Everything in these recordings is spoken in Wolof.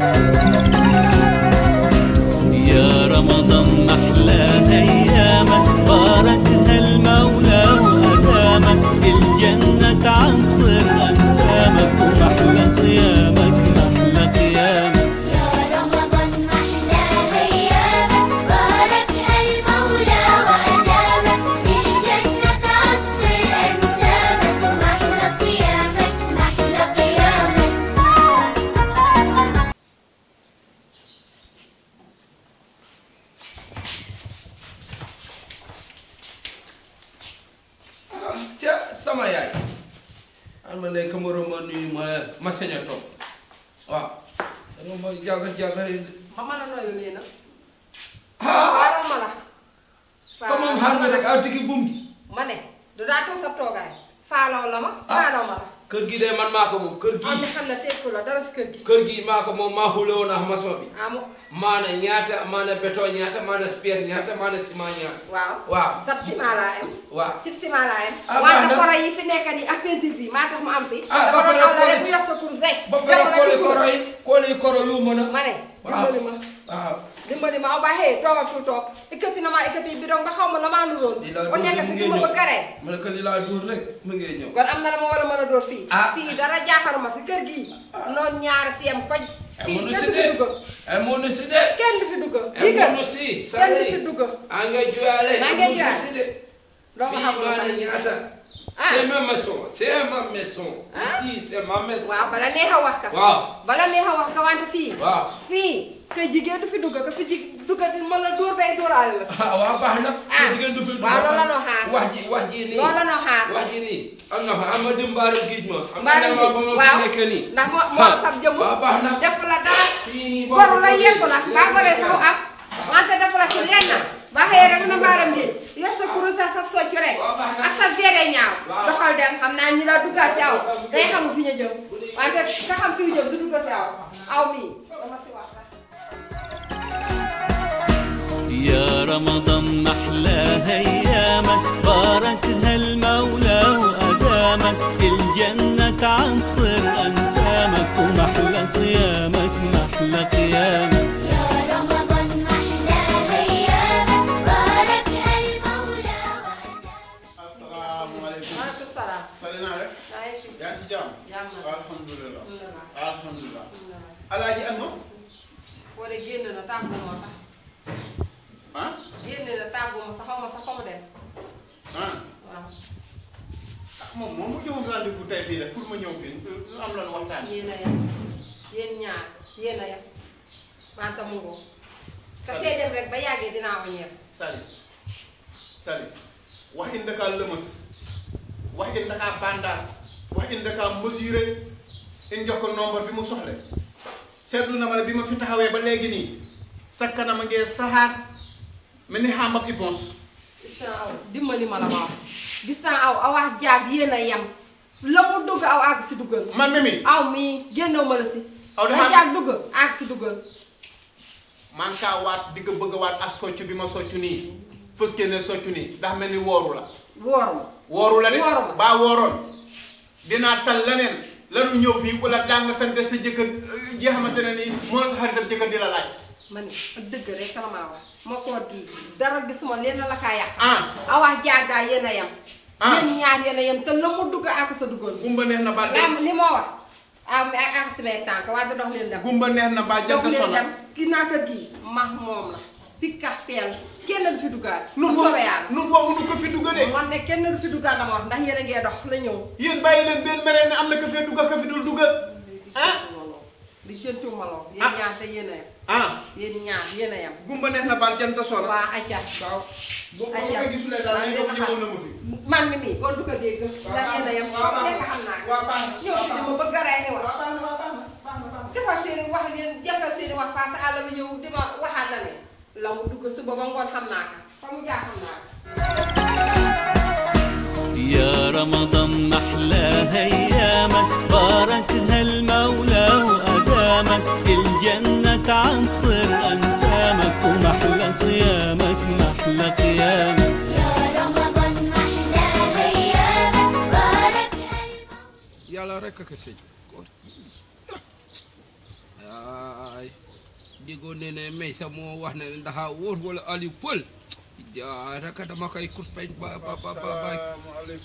Thank you. ma sañ a toog waaw. dama ma jaaxal jaaxal yi. ba mën a noyyi nee na. ah ma la. faalaw ma la comme moom xaar rek aw tigi bum. ma ne daa toog sa toogaay. faalaw la ma. faalaw ma la. kër gi de man maa ko moom kër gi am na xam ne tekku la dara si kër gi kër gi maa ko moom maa xule woon ak maçon bi amo maana ñaata maana béton ñaata maana pierre ñaata maana ciment ñaata waaw waaw sab ciment laa am waaw sib ciment laa am ah, waaye koro yi fi nekk nii ak peinture maa tax mu am fi ah ba pare koro yi bu yor sa tur rek ba pare koro yi koro yi koro yu mën a ma ne waaw waaw dimbali ma aw ba xëy toogal fu toog ikkati na ma yi bi doon nga xaw ma na maa nuróon o nekk fi duma ba garee ma ne ko li laa dóor rek mu ngi ñëw kon am na la ma war a mën a dóor fii ah. fii dara jaaxaruma fi kër gii noonu ñaari siyam koj ah. fii kenn du fi dugg amoon na si de kenn du fi dugg bii kër kenn du fi dugg maa ngi juyaale maa ngi juyaale doo ko Ah. C'est ma maison, c'est ma maison. Ah. Ici, c'est ma maison. waaw bala neex a wax ka. waaw bala kay jigéen du fi dugg ka fi ji dugg mën la dóor bay dóoraale la. ah waaw baax na. ah jigéen du fi dugg waaw loolu la noo xaar. wax ji wax ji nii loolu la noo xaar. wax ji nii am na am na dem mbaaru géej ma. mbaaru géej waaw ndax moo moo sab jëmm. waaw baax na def la dara. goru la yépp la mbaa goree sax am. wante def la si lenn. ba xëy rek na mbaaram géej yor kuru sa sab socc rek. dee ñaaw doxal dem xam naa ñi la duggaat si aw day xamul fi ñu jëm wante ka xam fi ñu jëm du dugg si aw aw mii dama si wax sax يا رمضان محلاها ايامك باركها المولى وادامك الجنه تعطر انسامك ومحلى صيامك محلى قيامك alaaji ak moom. boo dee génn na tàggu ma sax. ah. génn na tàggu ma sax fa mu dem. ah waaw. Ah, moom moom mu joxoon rendez-vous tey fii rek pour ma ñëw fii lu am loolu waxtaan. yéen a yem yéen ñaar yéen a yem maa tam mu ngoog. see dem rek ba yàggee dinaa ko ñeew. Saly wax in daka lëmës wax in daka bandaas wax in daka mesuré in ko nombre bi mu soxla. seetlu na mala ne fi taxawé ba légui ni sa kanam a ngee saxaar mel ni xàmbab ipons dimbali mala ma distan aw aw wax jaag yena yam la mu dugg aw ak si duggal man mimi? aw mi génnew mala si aw da jaag dugg ak si duggal man ka wat di nga bëgg a ak soccu bima soccu ni fës ne soccu ni da melni woru la woru woru la ni ba woron dina tal lenen lanu ñëw fii wala daa nga sant sa jëkkër euh, ji xamante ne nii moo sa xaritam jëkkër di la laaj. man dëgg rek la maa wax ma koor gi dara gis lenn la kaa yàq. ah awa jaaga yéen a yem. ah yéen ñaar yéen a yem te la mu dugg ak sa duggoon. gumba neex na baal jant li ma wax. ah mais ak ah, ak ah, samay tànk waaye da dox leen dem. gumba neex na baal jant sonal dox leen dem ki naa kër gii moom la pikka peel. kenn du fi duggaat. bu soobee yàlla nun waxuñu ko fi dugga de. man ne kenn du fi duggaat dama wax ndax yéen a ngee dox la ñëw. yéen bàyyi leen benn mereen ne am ka fee dugga ka fi dul dugga. ah li jëntu ma lool. yéen ñaar te yéen ah yéen ñaar yéen a yem. gumba neex na baal jant solo. waaw ayca. waaw boo ko gisulee daal ñu ñëw na ma fi. man mi mii kon du ko dégg. waaw ndax yéen a yem. waaw waaw xam naa. waaw baax na ñëw fi dama bëgg a rey ne wa. dafa seeni wax yéen jàppal seeni wax face àll bi ñëw di ma waxaat la ne la mu dugg suba ba ngoon xam naa ko يا رمضان محلاها ايامك باركها المولى وادامك الجنه تعطر انسامك ومحلى صيامك محلى قيامك يا رمضان محلاها ايامك باركها المولى يلا ركك السجن jego nene mai samo wahna nda ha wor wala ali pol ya raka da makai kurpai ba ba ba ba ba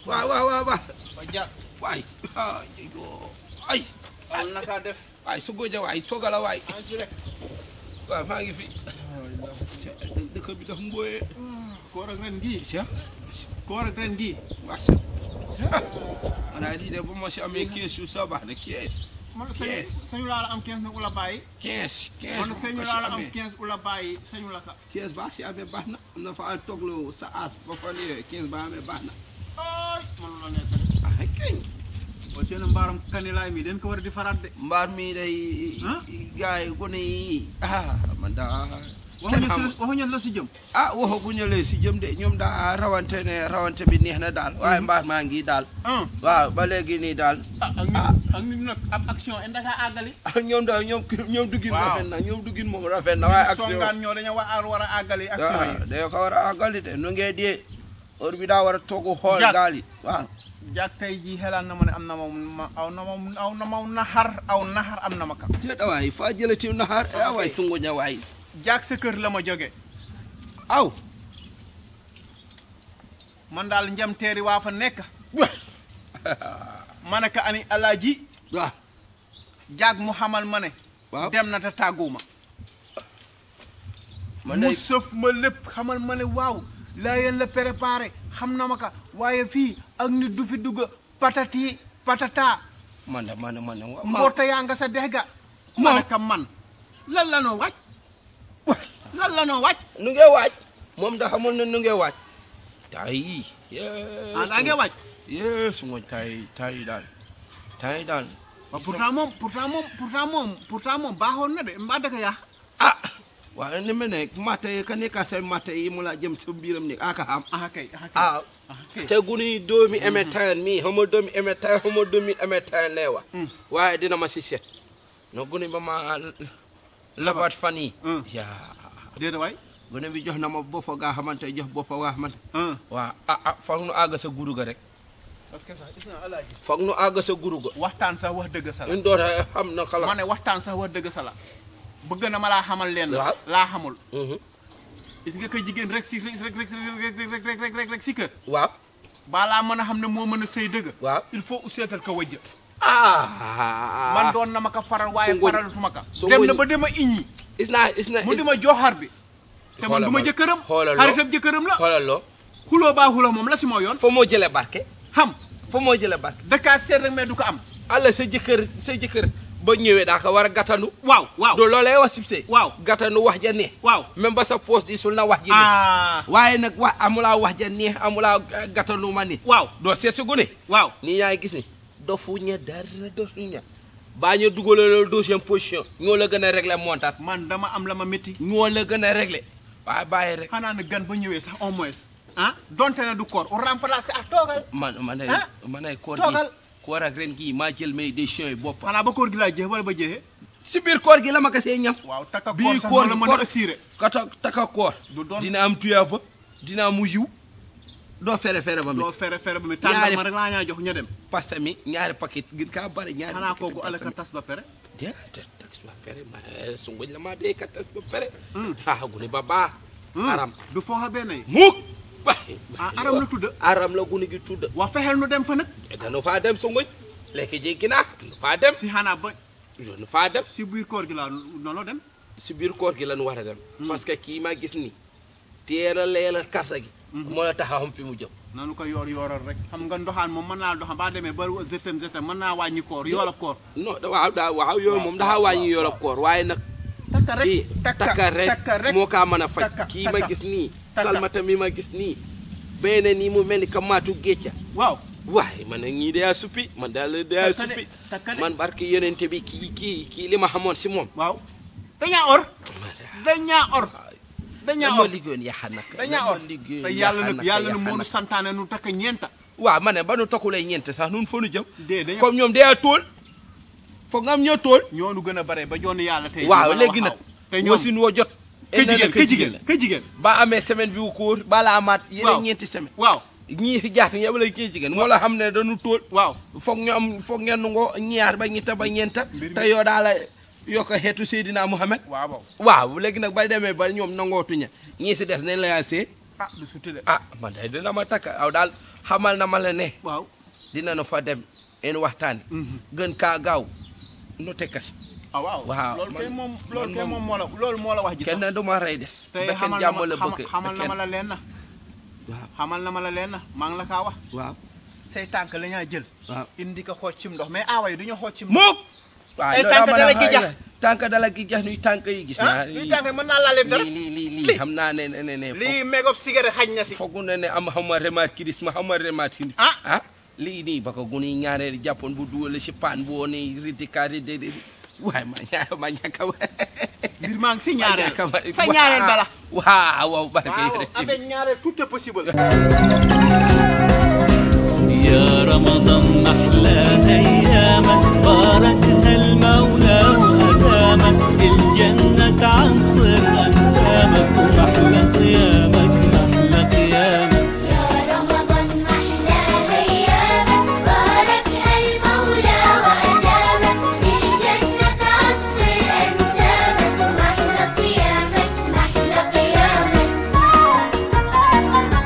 wa wa wa ba bajak wai ayo ai Allah ka def ay sugo ja way togala way wa ma ngi fi dëkk bi tax mboye koor ak ren gi ci koor ak ren gi wax ana di de bu ma ci amé keesu sabax na kees man sañu sañu laa la am 15 nag u la bàyyi. 15 15 man sañu laa la am 15 u la bàyyi sañu la ka. 15 baax si amee baax na am na faa toogloo sa aas ba fa lii 15 baax amee baax na. ay mënu la nekk de. ah kay. waa seen mbaaram kanilaay mi den ko war di faraat de. mbaar mi day. ah gars yi gone yi ah man daa. waxuñu la si jëm ah waxaguñu la si jëm de ñoom daa ah, rawante ne rawante bi neex na daal waaye mbaax maa ngi dal. waaw hmm. ba léegi nii daal hmm. ak ah, ah. nit nag ab action en daga àggali ñoom daal ñoom ñoom duggin rafet na ñoom duggin moom rafet na waaye action songaan ñoo dañoo war war a àggali action yi dañoo ko war a àggali de nu ngee dee heure bi daa war a toogu xool gaal yi waaw jaak tey jii xelaan na ma ne am na ma aw na ma aw na ma naxar aw naxar am na ma kam te waay faa jëlati naxar waay sunguña waay jaag sa kër la ma jóge aw man daal njam teeri nekk ma ani alaaji jaag mu xamal mane ne dem na te mu sëf ma lépp xamal ma waaw laa yéen la préparé xam na ma ka waaye fii ak nit du fi dugg patati patata man da nga sa dex ga man man lan la noo lan la noo waaj nu ngee waaj moom da xamul ne nu ngee waaj tay ah daa ngee waaj yee su tay tay daal tay daal pourtant moom pourtant moom pourtant moom pourtant moom baaxoon na de mbaa dëgg yaa ah waaye ni mu nekk mate yi ka nekk say mate yi mu la jëm sa biiram nekk aka xam ah kay ah, ah, ah te guni domi emetan mi xama mm-hmm. doomi emetan xama doomi emetan lay wax mm. e dina ma si set no guni ba ma labat fan mm. ya. déedéet waay gone bi jox na ma boppa gaa xamante jox boppa gaa xamante waaw ah ah foog nu àgg sa guru rek parce que gis naa foog nu àgg sa guru waxtaan sax wax dëgg sa la ñun doon xam na xalaat ma ne waxtaan sax wax dëgg sala la bëgg na malaa laa xamal leen laa xamul gis nga ka jigéen rek si rek rek rek rek si kër waaw laa mën a xam ne moo mën a sëy dëgg waa il faut u seetal ko wajja ah. man doon na ma ko faral waaye faralutuma ka dem na ba dama iñi. is naa is na mu dima joxar bi. te man du ma jëkkëram. xoolaloo xaritam jëkkëram la. xoolaloo. xuloo baa xuloo moom la si moo yoon. fa moo jëlee barke. xam moo jëlee barke. dakaa seet rek mais du am. allah sa jëkkër sa jëkkër. ba ñëwee daa war a gàttanu. waaw waaw do loolay wax sibse. waaw gàttanu wax ja neex. waaw même ba sa poos di sul na wa ji neex. Ah. waaye nag wax amulaa wax ja neex amulaa gàttanu ma ni waaw doo seet si gune. waaw nii yaa gis ni dofuñu dara dofuñu baa ñu dugalee loolu deuxième position ñoo la gën a réglé montaat. man dama am la ma métti. ñoo la gën a réglé waaye bàyyi rek. xanaa ne gan ba ñëwee sax au moins. ah donte na du koor on remplace ah toogal. man man ay ah, man ay koor gi toogal koor ak ren gii maa jël may décision yi boppam. xanaa ba koor gi laa jeex wala ba jeexee. si biir koor gi la ma kasee ñam. waaw takka koor sax la mën a assuré bii koor koor kata takka koor. du doon dina am tuyaaba dina am yiw do fere fere ba mi do fere fere ba mi tandal ma rek eh, la nga jox ña dem pasta mi ñaari paquet gën ka bari ñaari xana ko gu ala ka tas ba pere de tas ba pere ma sungu la ma be ka tas ba pere ha hmm. ah, gune baba hmm. aram du fo ha benay muk ah, aram la tudde aram la gune gi tudde wa fehel nu dem fa nak no fa dem sungu lekki je gina fa dem si hana ba ya, jone fa dem si buir koor gi la nono dem si bir koor gi lan wara dem hmm. parce que ki ma gis ni tera leela carte gi Mm-hmm. moo la taxawam fi mu jëm nanu ko yoor yooral rek xam nga ndoxaan moom mën naa doxaan baa demee ba zëtam zëtam mën naa wàññi koor yool ab koor non daa waaw yoolu moom daxaa wàññi yool ab koor waaye nag takka rek takka rek moo kaa mën a faj kii ma gis nii salmata mi ma gis nii na nii mu mel ni ka maatu gécca waaw waaye man nag ñii dayaa suppi man daal dayaa suppi man barke yonente bi kii kii kii li ma xamoon si moom waaw dañaa or dañaa or dañaa or liggéeyoon yaxa nag dañaa yàlla nag yàlla na moo nu santaane nu takk ñeenta waaw ma ne ba nu takkulee ñeent sax nun fa nu jëm comme ñoom dayaa tool foog nga am ñoo tool ñoonu gën a bare ba joon yàlla tey waaw léegi nag te wasin woo jot ka jigéen ka ka jigéen ba amee semaine bi wu kóor balaa amaat yeneen ñeenti semaine waaw ñii jaat ñi wala kii jigéen moo la xam ne da tóol waaw foog ñu am foog ngeen nungoo ñaar ba ñetta ba ñeenta te yoo daala yoko hetu Seydina muhammad waaw waaw léegi nag ba demee ba ñoom ñi ñi ci dess nañ la yassé ah du suti de. ah man day dina ma tak aw dal xamal na ma la waaw dina nu fa dem en waxtaan. Mhm. gën kaa gaaw nu kas ah waaw lool kay mom lool kay mom moo la loolu moo la wax ji sax kenn duma ray dess des. tey xamal na ma xamal waaw xamal na ma la la ka wax. waaw say tank la ñaa jël. indi ka xoccim ndox mais duñu xoccim waaw eh, loolu tànk dala ki jax nuy tànk yi gis ah, naa nuy tànk mën naa laale dara lii lii lii xam naa ne ne lii mégob cigarette xaj na si foog ne ne am xama remarque dis ma xama remarque ah ah lii nii ba ko guni ñaareel jàppoon bu duwale si paan bu woon ridika ride waaye ma ñaa ma ñàkk a mbir maa ngi si ñaareel sa ñaareel bala waaw waaw barke yére abe ñaareel tout possible يا رمضان محلى أيامك باركها المولى وأدامك الجنة